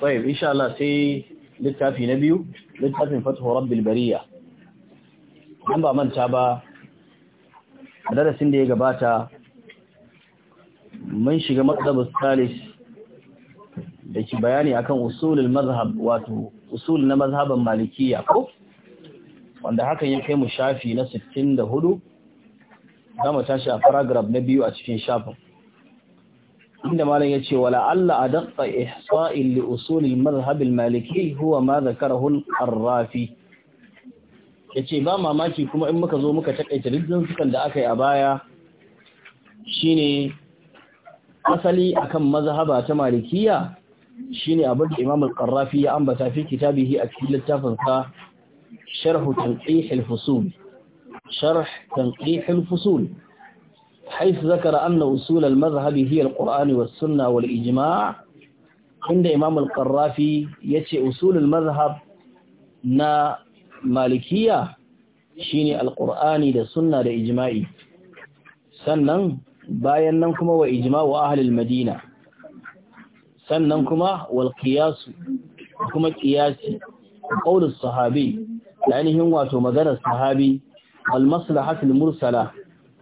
Inshala إن شاء littafi na biyu littafin fatuhu rabbil bariya an ba manta ba a darasin da ya gabata mun shiga matsabar salis da ke bayani akan usulul mazhab wato usul na mazhaban malikiya wanda hakan ya kai mu shafi na sittin 64 za mu tashi a paragraph na biyu a cikin shafin inda malam yace wala alla a ihsa'in li usul al-madhhab maliki huwa ma dhakarahu al yace ba mamaki kuma in muka zo muka takaita riddin sukan da aka yi a baya shine asali akan mazhaba ta malikiya shine abin da Imam qarrafi ya ambata fi kitabihi a cikin littafin sa Sharh Tanqih al-Fusul Sharh Tanqih al-Fusul حيث ذكر أن أصول المذهب هي القرآن والسنة والإجماع عند إمام القرافي يتي أصول المذهب نا مالكية شيني القرآن دا سنة دا إجماعي سنن بايننكم وإجماع أهل المدينة سننكم والقياس كما قياسي قول الصحابي لأنهم واتوا مدن الصحابي والمصلحة المرسلة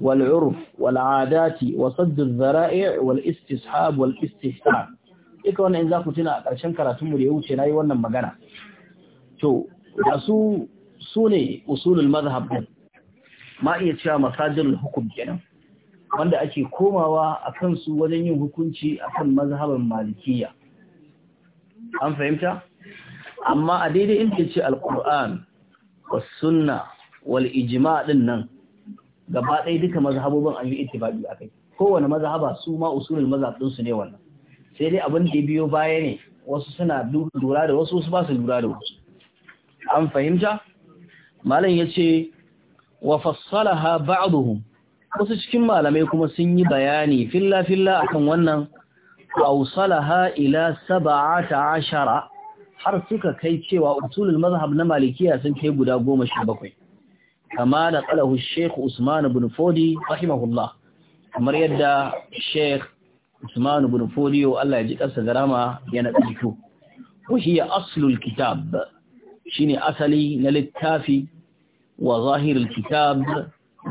والعرف والعادات وصد الذرائع والاستصحاب والاستحسان duka wannan in za ku tuna a ƙarshen karatunmu da ya wuce na wannan magana to da su su ne usulul mazhab din ma iya cewa masajirul hukum kenan wanda ake komawa a su wajen yin hukunci akan mazhaban malikiya an fahimta amma a daidai inda ce alquran was sunna wal ijma' din nan gaba ɗaya duka mazhabobin an yi ittifaqi akai kowane mazhaba su ma usulul mazhab din su ne wannan sai dai abin da biyo baya ne wasu suna lura da wasu wasu ba su lura da wasu an fahimta malam yace wa fassalaha ba'dhum wasu cikin malamai kuma sun yi bayani filla filla akan wannan awsalaha ila ashara, har suka kai cewa usulul mazhab na malikiya sun kai guda goma bakwai. kama da qalahu Sheikh Usman ibn Fodi rahimahullah kamar yadda Sheikh Usman ibn Fodi oh Allah ya ji kansa garama ya tsiko wa hiya aslul kitab shine asali na littafi wa zahirul kitab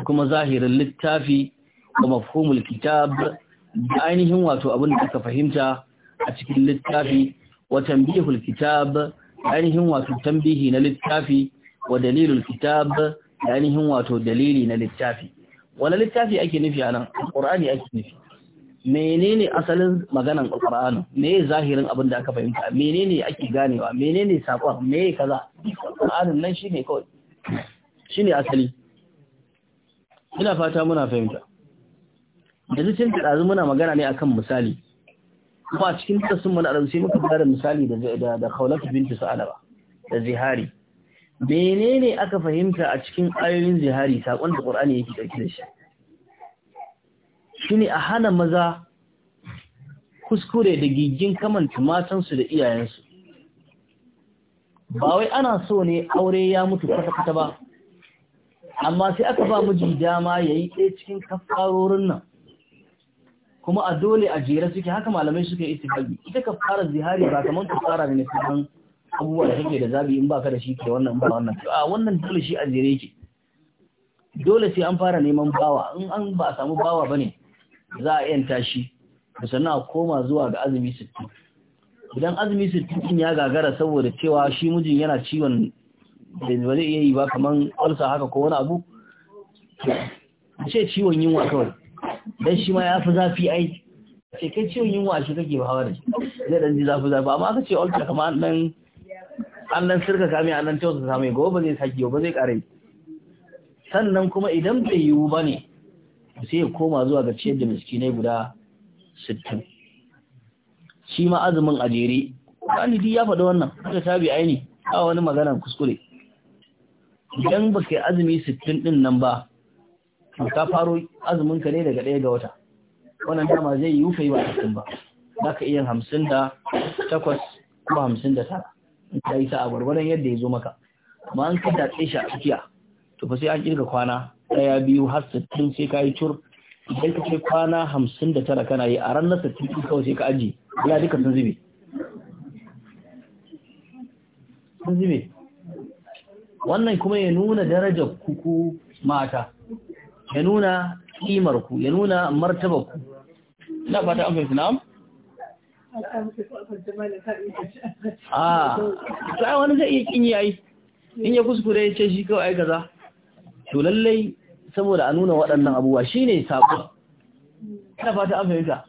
kuma zahirin littafi da mafhumul kitab da ainihin wato abin da aka fahimta a cikin littafi wa tanbihul kitab ainihin wato tambihi na littafi wa dalilul kitab da ainihin wato dalili na littafi wani littafi ake nufi a nan ƙur'ani ake nufi menene asalin maganan ƙur'ani me zahirin abin da aka fahimta menene ake ganewa menene sakon? me kaza ƙur'anin nan shine kawai shine asali ina fata muna fahimta yanzu cin tsarazu muna magana ne akan misali kuma cikin tasun mun arabu sai muka fara misali da da Khawlatu binti Sa'alaba da Zihari menene aka fahimta a cikin ayoyin zihari sakon da Qur'ani yake ɗauki da shi shine a hana maza kuskure da gigin kamanta matansu da iyayensu ba wai ana so ne aure ya mutu kwata-kwata ba amma sai aka ba miji dama ya yi ɗaya cikin kafarorin nan kuma a dole a jere suke haka malamai suke yi istifabi ita kafarar zihari ba kamar kafara ne na abubuwa da kake da zabi in baka da shi ke wannan ba wannan a wannan dole shi a jere yake dole sai an fara neman bawa in an ba samu bawa bane za a yanta tashi. sannan a koma zuwa ga azumi sittu idan azumi din ya gagara saboda cewa shi mijin yana ciwon da ba zai iya yi ba kaman ulsa haka ko wani abu ce ciwon yunwa kawai dan shi ma ya fi zafi ai ce kai ciwon yunwa shi kake ba hawa da shi zai dan ji zafi zafi amma aka ce ulsa kamar dan an nan sirka kame an nan tausa same gobe zai saki gobe zai kare sannan kuma idan bai yiwu ba ne sai ya koma zuwa ga ciyar da miskinai guda sittin shi ma azumin a jere walidi ya faɗi wannan haka tabi aini a wani magana kuskure idan ba kai azumi sittin ɗin nan ba ka faro azumin ka ne daga ɗaya ga wata wannan dama zai yiwu ka ba a ba za ka iya 58 da takwas ko hamsin da tara ta yi sa'a gwargwadon yadda ya zo maka amma an ka datse shi a tsakiya to fa sai an kirga kwana daya biyu har sittin sai ka yi cur idan ka kai kwana hamsin da tara kana yi a ranar sittin ɗin kawai sai ka aji ya duka sun zube sun zube wannan kuma ya nuna darajar kuku mata ya nuna kimar ku ya nuna martabar ku ina fata an fahimta na'am a ah, sai wani zai iya kin yayi in ya kuskure ya ce shi kawai ai kaza to lallai saboda a nuna waɗannan abubuwa shine sako ta fata an fahimta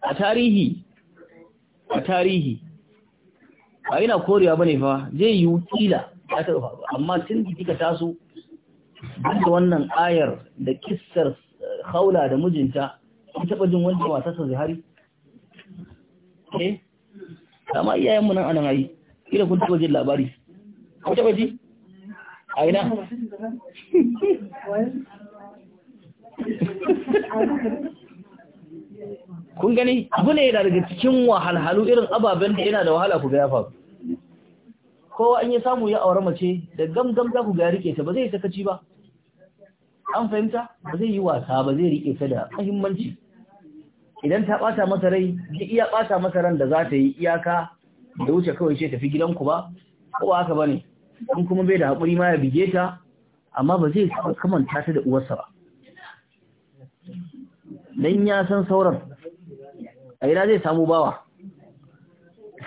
a tarihi a tarihi ba ina korewa bane fa zai yi kila ta taɓa faru amma tun da kika taso duk da wannan ayar da kissar eh, haula da mijinta kun taɓa jin wanda matarsa zihari eh kama iyayenmu nan anan ayi kila kun taɓa jin labari kun taɓa ji a ina kun gani abu ne daga cikin wahalhalu irin ababen da yana da wahala ku gaya faru kowa an yi samu ya aure mace da gamgam za ku gaya rike ta ba zai sakaci ba an fahimta ba zai yi wasa ba zai rike ta da mahimmanci. idan ta ɓata masa rai ji iya ɓata masa ran da za ta yi iyaka da wuce kawai ce tafi gidanku ba ko ba haka bane in kuma bai da haƙuri ma ya bige ta amma ba zai kamanta ta da uwarsa ba dan ya san sauran a ina zai samu bawa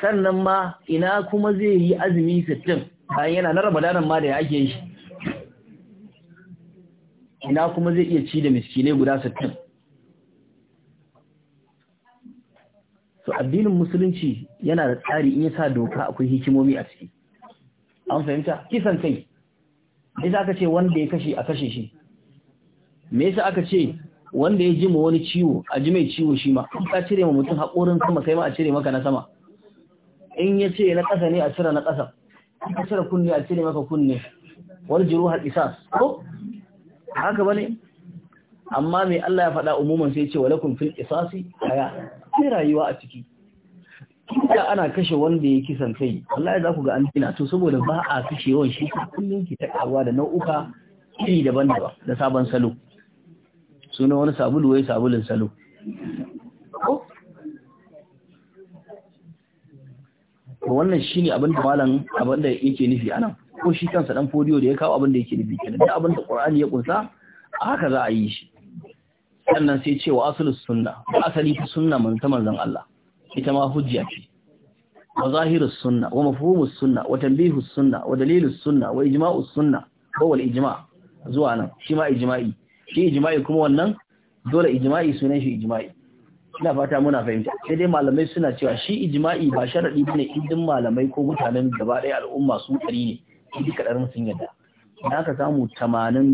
sannan ma ina kuma zai yi azumi sittin bayan yana na ramadanan ma da ya ake yi ina kuma zai iya ci da miskinai guda sittin so addinin musulunci yana da tsari in yasa doka akwai hikimomi a ciki an fahimta kisan kai me yasa aka ce wanda ya kashe a kashe shi me yasa aka ce wanda ya ji ma wani ciwo a ji mai ciwo shi ma in ka cire ma mutum haƙorin sama kai ma a cire maka na sama in ya ce na ƙasa ne a cire na ƙasa in ka cire kunne a cire maka kunne jiru har isa, ko haka ba ne? amma mai Allah ya faɗa umuman sai ce walakun fil isasi haya sai rayuwa a ciki kika ana kashe wanda ya kisan kai wallahi za ku ga an tina to saboda ba a kashe yawan shi kullun ki ta kawa da nau'uka iri daban-daban da sabon salo sunan wani sabulu wai sabulun salo wannan shine abin da malam abin da yake nufi anan ko shi kansa dan fodiyo da ya kawo abin da yake nufi kenan da abin da Qur'ani ya kunsa haka za a yi shi sannan sai cewa asalus sunna ba asali ta sunna manta manzan Allah ita ma hujja ce wa sunna wa mafhumus sunna wa tanbihus sunna wa dalilus sunna wa ijma'us sunna ko wal ijma' zuwa nan shi ma ijma'i shi ijma'i kuma wannan dole ijma'i sunan shi ijma'i ina fata muna fahimta sai dai malamai suna cewa shi ijma'i ba sharadi bane idan malamai ko mutanen gaba ɗaya al'umma su ƙari ne duka ɗarin sun yarda. da aka samu tamanin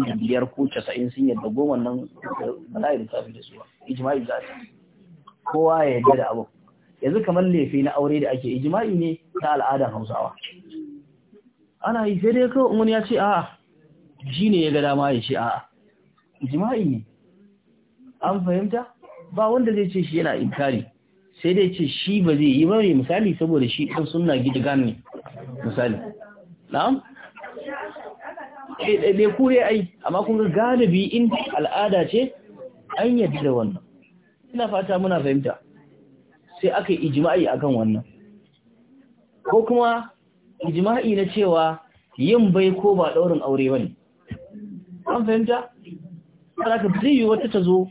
ko casa'in sun yadda goma nan ba za a yi lissafi da su Ijima'i za za ta kowa ya yadda da abu yanzu kamar laifi na aure da ake ijima'i ne ta al'adar hausawa ana yi sai dai kawai wani ya ce a shi ne ya ga dama ya ce a'a Ijima'i ne an fahimta ba wanda zai ce shi yana inkari sai dai ce shi ba zai yi ba ne misali saboda shi ɗan sunna gidigan ne misali na'am ɗaiɗaiɗai eh, eh, kure ai amma kun ga galibi in al'ada ce an yadda da wannan ina fata muna fahimta sai aka yi ijima'i akan wannan ko kuma ijima'i na cewa yin bai ko ba ɗaurin aure ba ne an fahimta ka zai yi wata ta zo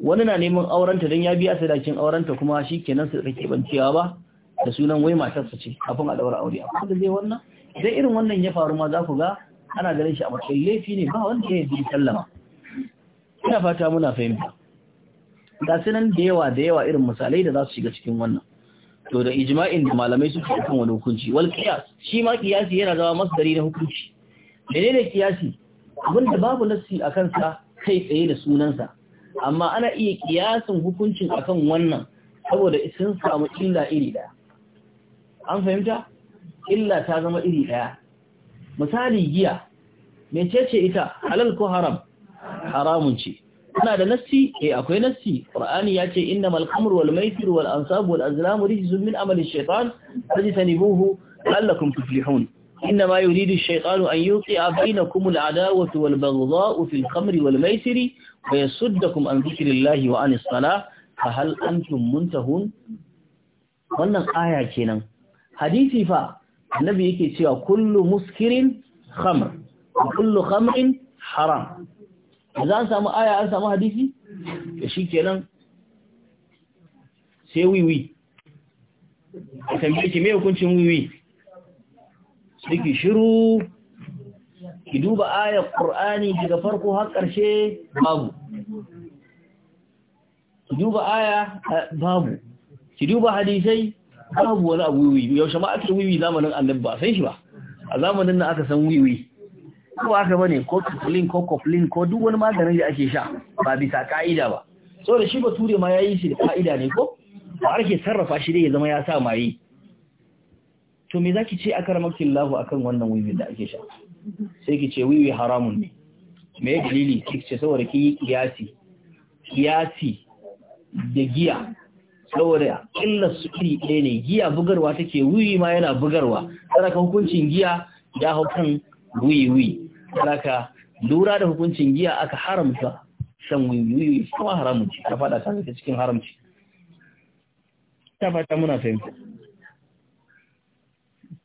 wani na neman aurenta don ya biya sadakin aurenta kuma shi kenan su rike bancewa ba da sunan wai matarsa ce kafin a daura aure amma da zai wannan Zai irin wannan ya faru ma za ku ga ana ganin shi a matsayin laifi ne ba wanda ya yi sallama ina fata muna fahimta ga su nan da yawa da yawa irin misalai da za su shiga cikin wannan to da ijma'in da malamai su ke kan wani hukunci wal qiyas shi ma qiyasi yana zama masdari na hukunci menene qiyasi abin da babu nassi a kansa kai tsaye da sunansa amma ana iya kiyasin hukuncin akan wannan saboda sun samu illa iri daya an fahimta illa ta zama iri daya misali giya mecece ita halal ko haram haramun ce kana da nassi eh akwai nassi qur'ani ya ce innamal khamru wal maisir wal ansab wal azlam rijzun min amali shaytan fajtanibuhu la'allakum tuflihun innama yuridu shaytanu an yuqi'a bainakum al adawati wal baghdha'u fil khamri wal maisir wa yasuddakum an dhikrillahi wa anis salah fa hal antum muntahun wannan aya kenan hadisi fa annabi yake cewa kullu muskirin khamr kullu khamrin haram idan samu aya an samu hadisi da shi kenan sai wiwi a tambaye ki me hukuncin wiwi sai ki shiru ki duba ayar Qur'ani daga farko har karshe babu ki duba aya babu ki duba hadisai babu wani abu wiwi yaushe ma aka wiwi zamanin annabi ba a san shi ba a zamanin nan aka san wiwi ko aka bane ko coupling ko koflin ko duk wani maganin da ake sha ba bisa ka'ida ba saboda shi bature ma yayi shi da ka'ida ne ko ba ake sarrafa shi dai ya zama ya sa maye to me zaki ce aka ramakin lahu akan wannan wiwi da ake sha sai ki ce wiwi haramun ne me dalili ki ce saboda ki yi kiyasi kiyasi da giya saboda illar su iri ɗaya ne giya bugarwa take wuyi ma yana bugarwa saraka hukuncin giya ya hau kan wuyi wuyi saraka lura da hukuncin giya aka haramta shan wuyi wuyi kuma haramci ta fada ta ta cikin haramci ta fata muna fahimta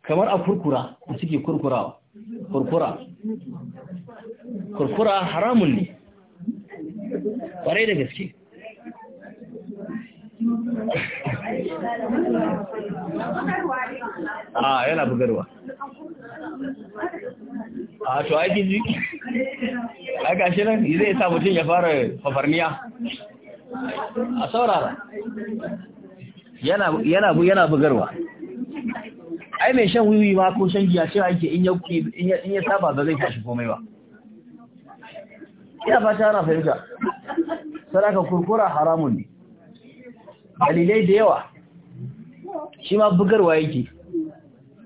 kamar a kurkura da suke kurkurawa kurkura kurkura haramun ne ƙwarai da gaske a ah, yana bugarwa a ah, to aiki ji a gashi nan zai sa mutum ya fara fafarniya a saurara yana bugarwa ai mai shan wiwi ma ko shan giya cewa yake in ya saba ba zai tashi komai ba ina fata ana fahimta sadaka kurkura haramun ne dalilai da yawa shi ma bugarwa yake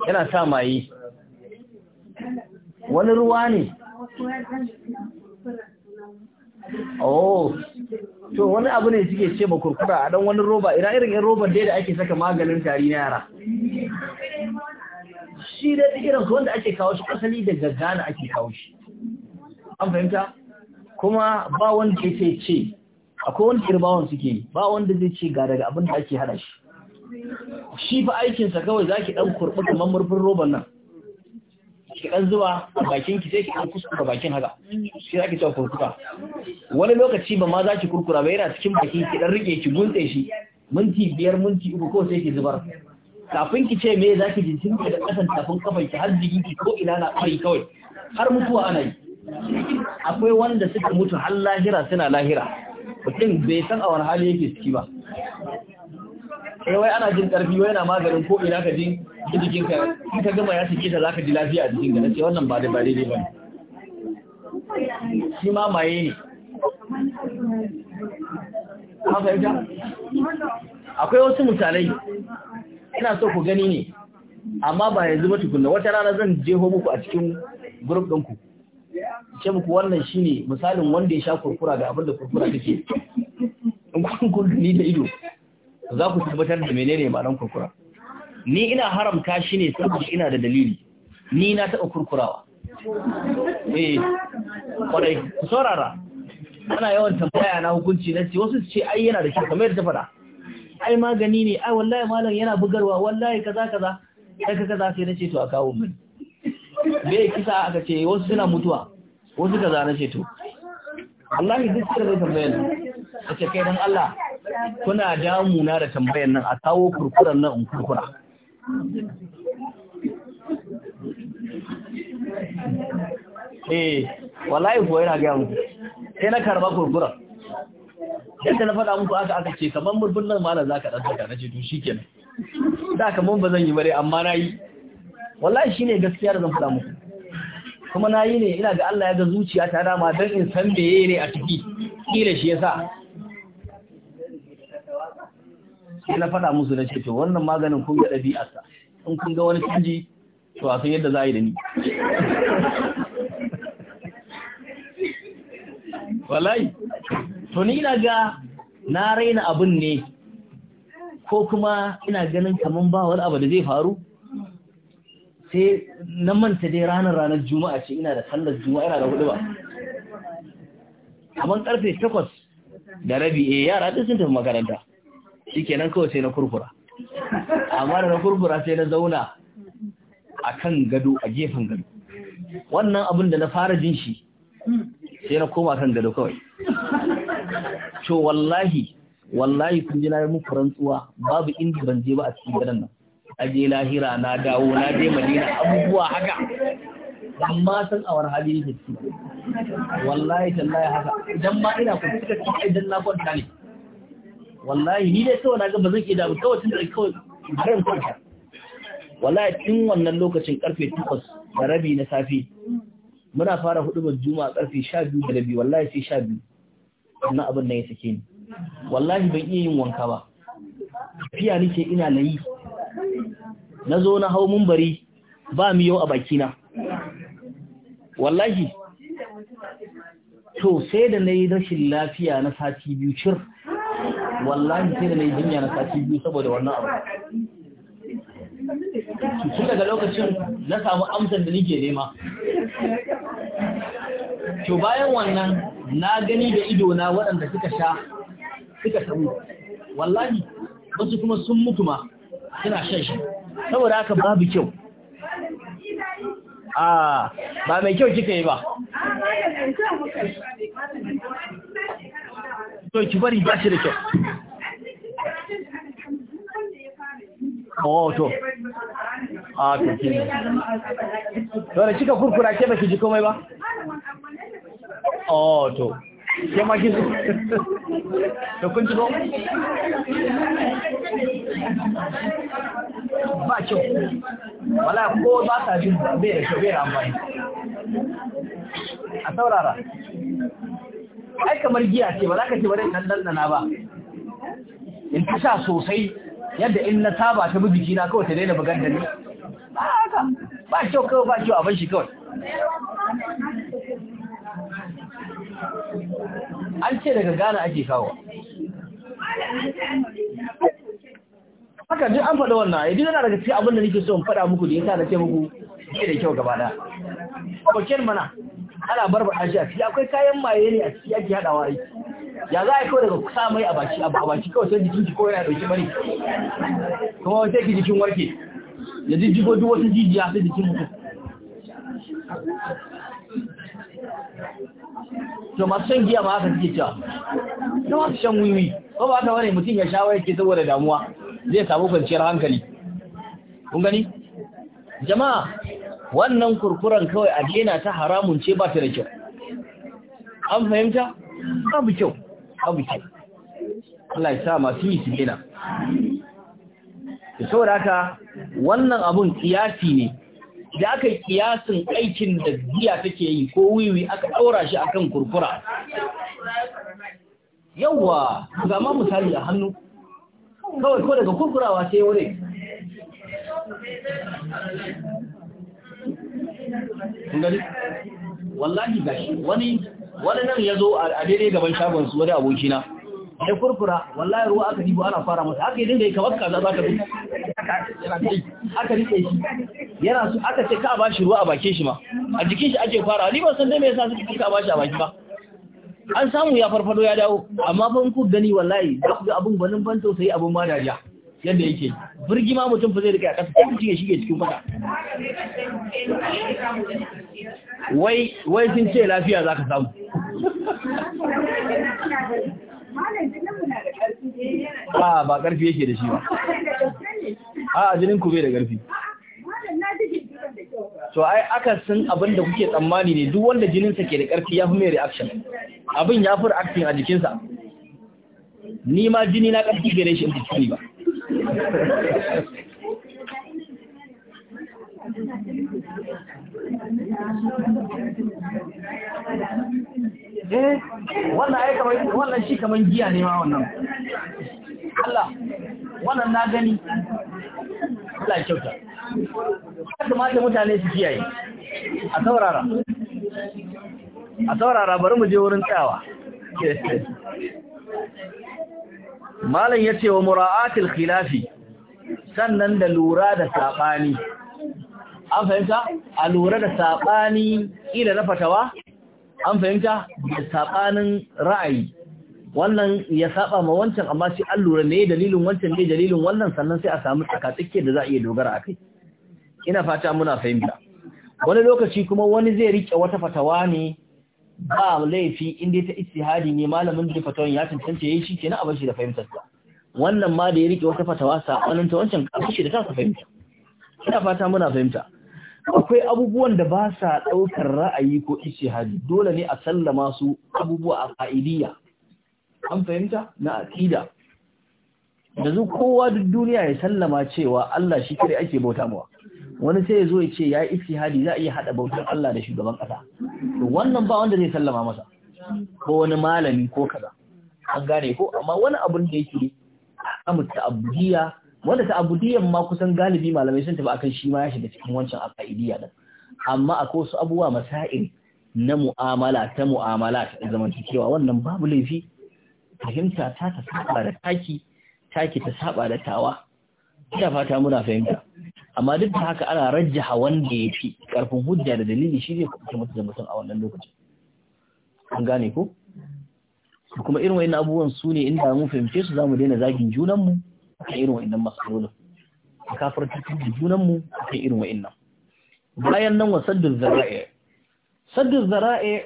yana sa maye wani ruwa ne oh to wani abu ne suke ce ma kurkura a dan wani roba ira irin yan roban dai da ake saka maganin tari na yara shi da irin wanda ake kawo shi asali daga Ghana ake kawo shi an fahimta kuma ba wanda ya ce akwai wani kirbawan suke yi ba wanda zai ce ga daga abin da ake hada shi shi fa aikinsa kawai zaki ki ɗan kurɓi kamar murfin roban nan ki ɗan zuba a bakin ki sai ki ɗan kuskura bakin haka shi za ki cewa wani lokaci ba ma za ki kurkura ba yana cikin baki ki ɗan rike ki guntse shi minti biyar minti uku ko sai ki zubar kafin ki ce me zaki ki jinsin da ƙasan tafin kafan ki har jikin ki ko ina na kai kawai har mutuwa ana yi akwai wanda suka mutu har lahira suna lahira mutum bai san a wani hali yake ciki ba Sai wai ana jin karfi wai yana maganin ko ina ka ji jikin ka in ka gama ya cike ta zaka ji lafiya a jikin ka nace wannan ba da ba daidai ba shi ma maye ne ka fahimta akwai wasu mutane ina so ku gani ne amma ba yanzu ba tukunna wata rana zan jeho muku a cikin group ɗinku ce muku wannan shine misalin wanda ya sha kurkura ga abin da kurkura take in kun kun ni da ido za ku tabbatar da menene ma'anar kurkura ni ina haramta shi ne saboda ina da dalili ni na taɓa kurkurawa eh kwarai ku saurara ana yawan tambaya na hukunci na ce wasu ce ai yana da kyau kamar yadda ta faɗa ai magani ne ai wallahi malam yana bugarwa wallahi kaza kaza sai ka kaza sai na ce to a kawo min me kisa aka ce wasu suna mutuwa ko suka zane ce to Allah duk suka zai tambayar nan a ce kai don Allah kuna damuna da tambayar nan a kawo kurkuran nan in kurkura eh wallahi ko yana ga mu sai na karba kurkura yadda na faɗa muku aka aka ce kamar murbin nan malam zaka dan saka na ce to shikenan da kamar ba zan yi bare amma na yi wallahi shine gaskiya da zan faɗa muku kuma na yi ne ina ga Allah ya ga zuciya ta dama don in san meye ne a ciki kila shi ya sa. sai na faɗa musu na ce to wannan maganin kun ga ɗabi'arsa in kun ga wani canji to a san yadda za a yi da ni wallahi to ni ina ga na raina abin ne ko kuma ina ganin kamar ba wani abu da zai faru sai na manta dai ranar ranar juma'a ce ina da sallar juma'a ina da hudu ba kamar karfe takwas da rabi eh yara duk sun tafi makaranta shikenan kawai sai na kurkura amma da na kurkura sai na zauna a kan gado a gefen gado wannan abin da na fara jin shi sai na koma kan gado kawai to wallahi wallahi kun ji na yi muku rantsuwa babu inda ban je ba a cikin gadon nan Aje je lahira na dawo na je madina abubuwa haka dan ma san awar hali ne ciki wallahi tallahi haka idan ma ina ku cika cikin idan na kwanta ne wallahi ni dai tsawon na ga ba zan iya dawo kawai tun da kawai harin kwanta wallahi tun wannan lokacin karfe 8 da rabi na safe muna fara hudubar juma'a karfe 12 da rabi wallahi sai 12 wannan abin da ya sake ni wallahi ban iya yin wanka ba tafiya nake ina layi na zo na hau mumbari ba miyau a bakina wallahi to sai da na yi rashin lafiya na sati biyu cir wallahi sai da na yi jinya na sati biyu saboda wannan abu tun daga lokacin na samu amsar da nike nema to bayan wannan na gani da ido na waɗanda suka sha suka samu wallahi wasu kuma sun mutu ma suna shan shi saboda haka babu kyau a ba mai kyau kika yi ba to ki bari ba shi da kyau oh to ah to ki dole kika kurkura ke ki ji komai ba oh to ke ma kin to kun ji ba ba kyau wala ko ba ta jin bai da kyau bai da amfani a saurara ai kamar giya ce ba za ka ce bari dan dandana ba in ta sha sosai yadda in na saba ta bi na kawai ta daina bugan da ni ba haka ba kyau kawai ba kyau a ban shi kawai an ce daga gana ake kawo haka duk an faɗa wannan idan yana daga cikin abin da nake so in faɗa muku da yasa na ce muku ke da kyau gaba daya kokin mana ana barba shi a ciki akwai kayan maye ne a ciki ake haɗawa aiki ya za a kawai daga kusa mai a baki a baki kawai sai jikin ki kawai yana ɗauki bane kuma wata ki jikin warke ya jijjigo duk wata jijiya sai jikin mutum to masu shan giya ma haka suke cewa na masu shan wiwi ko ba haka wani mutum ya sha waya ke saboda damuwa zai samu kwanciyar hankali kun gani jama'a wannan kurkuran kawai a ta haramun ce ba ta da kyau an fahimta abu kyau abu kyau Allah ya sa masu yi su daina saboda haka wannan abun kiyasi ne da aka yi kiyasin aikin da giya take yi ko wiwi aka ɗaura shi akan kurkura yawwa ga ma misali a hannu kawai ko daga kurkurawa ce wurin wallahi shi wani wani nan ya zo a daidai gaban shagon su wani abokina ya kurkura wallahi ruwa aka dibu ana fara masa haka idan dinga yi kamar kaza za ka bi aka rike shi yana su aka ce ka bashi ruwa a bakin shi ma a jikin shi ake fara ni ban san dai me yasa suke ka bashi a baki ba an samu ya farfado ya dawo amma ban ku gani wallahi za ku ga abun gwanin ban tausayi abun ma dariya yadda yake birgi ma mutum fa zai rike a ƙasa sai mutum ya shige cikin fada wai wai sun ce lafiya za ka samu a ba ƙarfi yake da shi ba a jinin ku bai da ƙarfi to ai akasin abin da kuke tsammani ne duk wanda jininsa ke da ƙarfi ya fi mai reaction abin ya fur acting a jikinsa ni ma jini na ƙarfi gare shi in ba eh wannan ai kamar wannan shi kamar giya ne ma wannan Allah wannan na gani Allah ya kyauta kuma da mutane su kiyaye a saurara a saurara bari mu je wurin tsawa malam ya ce wa mura'atul khilafi sannan da lura da sabani an fahimta a lura da sabani ila na fatawa an fahimta da sabanin ra'ayi wannan ya saba ma wancan amma shi an lura ne dalilin wancan ne dalilin wannan sannan sai a samu tsakatsake da za a iya dogara akai ina fata muna fahimta wani lokaci kuma wani zai rike wata fatawa ne ba laifi inda ta ta istihadi ne malamin da fatawan ya tantance yayi shi kenan a bar shi da fahimtar sa wannan ma da ya rike wata fatawa sabanin ta wancan shi da ta fahimta ina fata muna fahimta akwai abubuwan da ba sa daukar ra'ayi ko istihadi dole ne a sallama su abubuwa a fa'idiyya an fahimta na aqida da zu kowa duk duniya ya sallama cewa Allah shi kare ake bauta mawa wani sai ya zo ya ce ya yi istihadi za a iya haɗa bautar Allah da shugaban ƙasa to wannan ba wanda zai sallama masa ko wani malami ko kaza an gane ko amma wani abun da yake amu ta'abbudiyya wanda ta'abbudiyyan ma kusan galibi malamai sun tafi akan shi ma ya shiga cikin wancan aqaidiyya din amma akwai wasu abubuwa masail na mu'amala ta mu'amala ta zamantakewa wannan babu laifi fahimta ta ta saba da taki taki ta saba da tawa ina fata muna fahimta amma duk da haka ana rajjaha wanda ya fi ƙarfin hujja da dalili shi zai kuɓuce mutu da mutum a wannan lokacin an gane ko kuma irin wa'in abubuwan su ne inda mun fahimce su za mu daina zagin junanmu a kan irin wa'in matsalolin a kafar cikin junanmu a kan irin wa'in nan bayan nan wa saddin zara'i saddin zara'i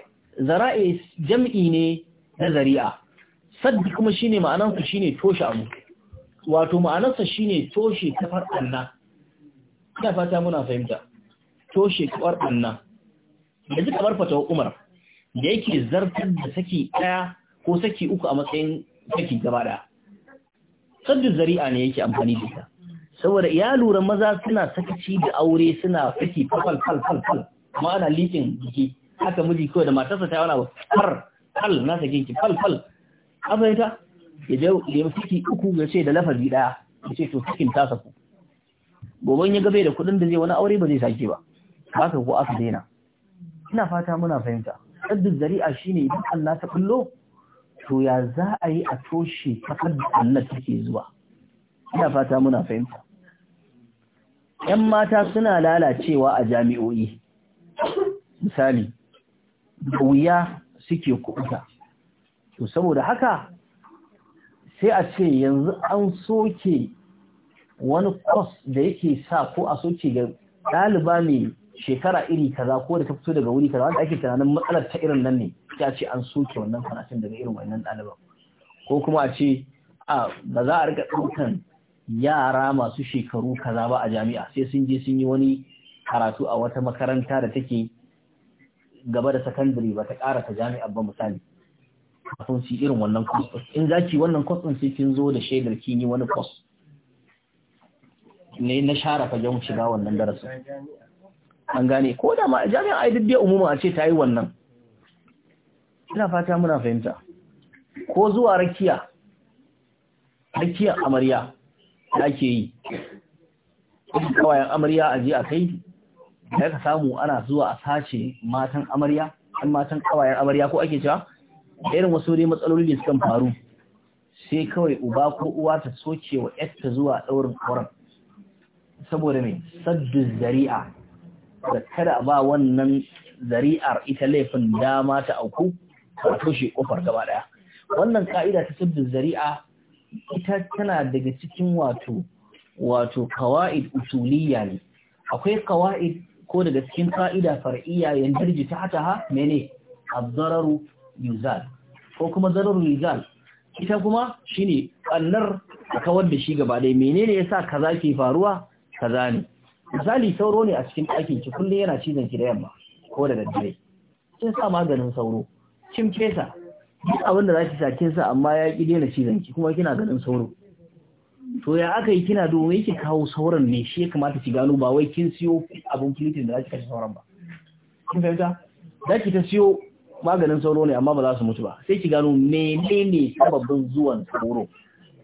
zara'i jam'i ne na zari'a saddi kuma shine ma'anarsa shine toshe abu wato ma'anarsa shine toshe kafar Allah. ina fata muna fahimta toshe kwar anna yanzu kamar fatawar umar da yake zartar da saki ɗaya ko saki uku a matsayin saki gaba ɗaya zari'a ne yake amfani da ita saboda ya lura maza suna sakaci da aure suna saki fal fal fal fal kuma ana likin jiki haka miji kawai da matarsa ta wani far fal na sakin ki fal fal abin ya je ya saki uku ya ce da lafazi ɗaya ya ce to sakin ta saku gobe ya gabe da kuɗin da zai wani aure ba zai sake ba haka ko aka daina ina fata muna fahimta saddin zari'a shine idan Allah ta kullo to ya za a yi a toshe kafar da Allah take zuwa ina fata muna fahimta ‘yan mata suna lalacewa a jami'o'i misali da wuya suke kuɓuta to saboda haka sai a ce yanzu an soke wani kwas da yake sa ko a soke ga ɗaliba mai shekara iri kaza ko da ta fito daga wuri kaza wanda ake tunanin matsalar ta irin nan ne ya ce an soke wannan karatun daga irin wannan ɗaliban ko kuma a ce a ba za a rika ɗaukan yara masu shekaru kaza ba a jami'a sai sun je sun yi wani karatu a wata makaranta da take gaba da sakandare ba ta ƙara ta jami'a ba misali kafin su irin wannan kwas in za ki wannan kwas ɗin sai kin zo da shaidar kin yi wani kwas ne na share fagen shiga wannan darasin an gane ko da ma jami'a ai duk umuma a ce ta yi wannan ina fata muna fahimta ko zuwa rakiya rakiya amarya yake yi yi kawayen amarya a ji a kai da ka samu ana zuwa a sace matan amarya ɗan matan kawayen amarya ko ake cewa irin wasu dai matsaloli da sukan faru sai kawai uba ko uwa ta soke wa ta zuwa daurin auren saboda mai saddu zari'a da kada ba wannan zari'ar ita laifin dama ta auku a toshe kofar gaba daya wannan ka'ida ta saddu zari'a ita tana daga cikin wato wato kawaid usuliyya ne akwai kawaid ko daga cikin ka'ida far'iyya yanzu ta hata ha mene azzararu yuzal ko kuma zararu yuzal ita kuma shine kallar a kawar shi gaba dai menene yasa kaza ke faruwa kaza ne misali sauro ne a cikin ɗakin ki kullum yana cizon ki da yamma ko da daddare kin sa maganin sauro kin fesa duk abin da za ki sa kin sa amma ya ki daina cizon ki kuma kina ganin sauro to ya aka yi kina dubo yake kawo sauran ne shi ya kamata ki gano ba wai kin siyo abin kilitin da za ki kashe sauran ba kin fahimta za ki ta siyo maganin sauro ne amma ba za su mutu ba sai ki gano menene sababbin zuwan sauro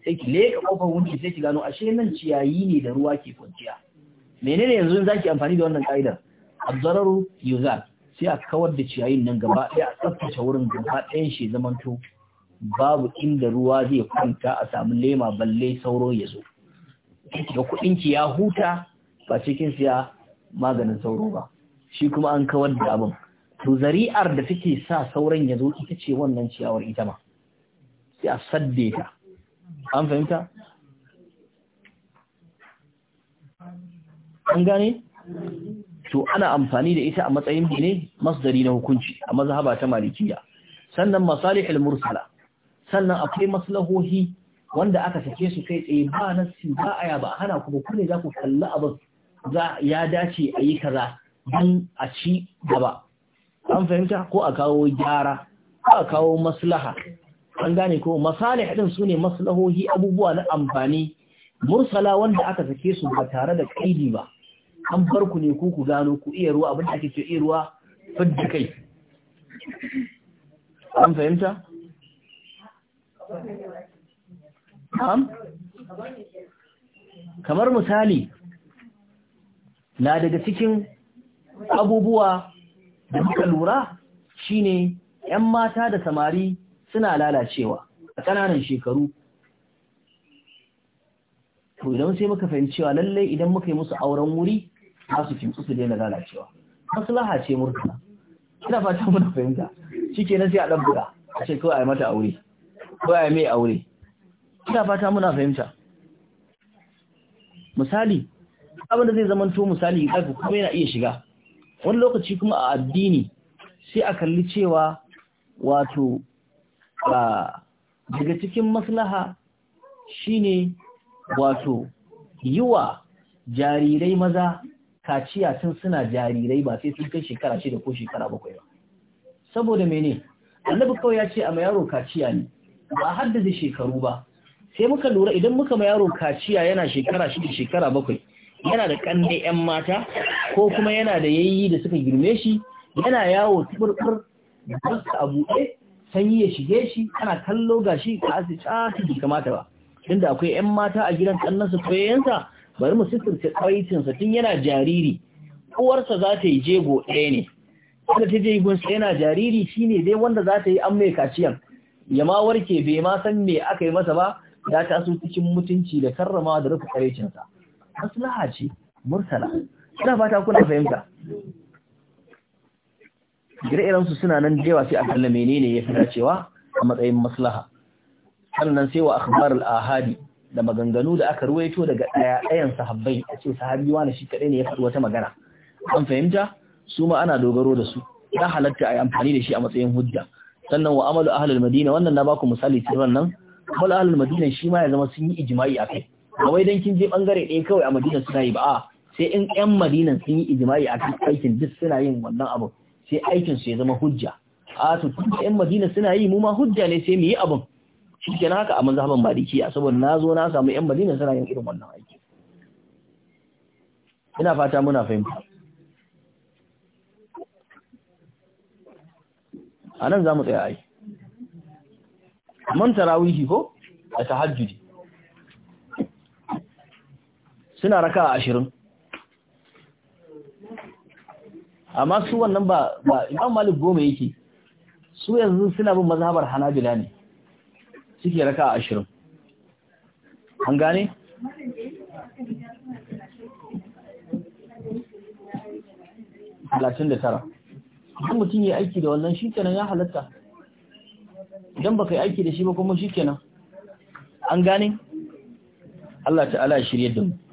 sai ki leƙa kofar wuce sai ki gano ashe nan ciyayi ne da ruwa ke kwanciya menene yanzu za ki amfani da wannan ƙa'idar abzararu yuzar sai a kawar da ciyayin nan gaba ɗaya a tsaftace wurin gaba ɗayan shi zamanto babu inda ruwa zai kwanta a samu lema balle sauro ya zo kuɗin ki ya huta ba cikin siya maganin sauro ba shi kuma an kawar da abin to zari'ar da take sa sauran ya zo ita ce wannan ciyawar ita ma sai a sadde ta an fahimta an gane to ana amfani da ita a matsayin ne masdari na hukunci a mazhaba ta malikiya sannan masalihul mursala sannan akwai maslahohi wanda aka sake su kai tsaye ba nasi ba aya ba hana kuma kune za ku kalla abu za ya dace a yi kaza don a ci gaba an fahimta ko a kawo gyara ko a kawo maslaha an gane ko masalih din sune maslahohi abubuwa na amfani mursala wanda aka sake su ba tare da kaidi ba an farku ne ku ku gano ku iya ruwa abin ake ce iya ruwa kai an fahimta am kamar misali na daga cikin abubuwa da muka lura shine 'yan mata da samari suna lalacewa a ƙananan shekaru to idan sai muka fahimci cewa lallai idan muka yi musu auren wuri za su kimtsu su daina lalacewa maslaha ce murtala ina fata muna fahimta shike na sai a dan buga a ce kawai a yi mata aure ko a yi mai aure ina fata muna fahimta misali abin da zai zama to misali ɗaga kuma yana iya shiga wani lokaci kuma a addini sai a kalli cewa wato daga cikin maslaha shine wato yiwa jarirai maza kaciya tun suna jarirai ba sai sun kai shekara shida ko shekara bakwai ba saboda mene annabi kawai ya ce a yaro kaciya ne ba haddada shekaru ba sai muka lura idan muka ma yaro kaciya yana shekara shida shekara bakwai yana da kande yan mata ko kuma yana da yayi da suka girme shi yana yawo tuburkur da a buɗe sanyi ya shige shi ana kallo gashi ka asi ah, kamata ba inda akwai 'yan mata a gidan kannansa ko yayansa bari mu kwaitin sa tun yana jariri uwarsa za ta yi jego ɗaya ne inda ta je jego yana jariri shine dai wanda za ta yi an mai kaciyan ya ma warke bai ma san me aka yi masa ba ya taso cikin mutunci da karrama da rufe sa maslaha ce Murtala ina fata kuna fahimta ire irensu su suna nan da yawa sai a kalla menene ya fi dacewa a matsayin maslaha sannan sai wa akhbar al-ahadi da maganganu da aka ruwaito daga daya ɗayan sahabbai a ce sahabi wani shi kadai ne ya faɗi wata magana an fahimta su ma ana dogaro da su ya halatta a yi amfani da shi a matsayin hujja sannan wa amalu ahlul madina wannan na baku misali cewa nan amalu ahlul madina shi ma ya zama sun yi ijma'i kai kai. wai dan kin je bangare ɗaya kawai a madina suna yi ba sai in ƴan madinan sun yi ijma'i kan aikin duk suna yin wannan abu sai aikin su ya zama hujja a to tun yan madina suna yi mu ma hujja ne sai mu yi abin shi na haka a mazhaban a saboda na zo na samu yan madina suna yin irin wannan aiki ina fata muna fahimta a za mu tsaya ai man tarawihi ko a tahajjudi suna raka ashirin amma su wannan ba ba imam malik goma yake su yanzu suna bin mazhabar hanabila ne suke raka a ashirin an gane talatin da tara idan mutum ya aiki da wannan shi kenan ya halatta idan baka yi aiki da shi ba kuma shi kenan an gane Allah ta'ala shirye da mu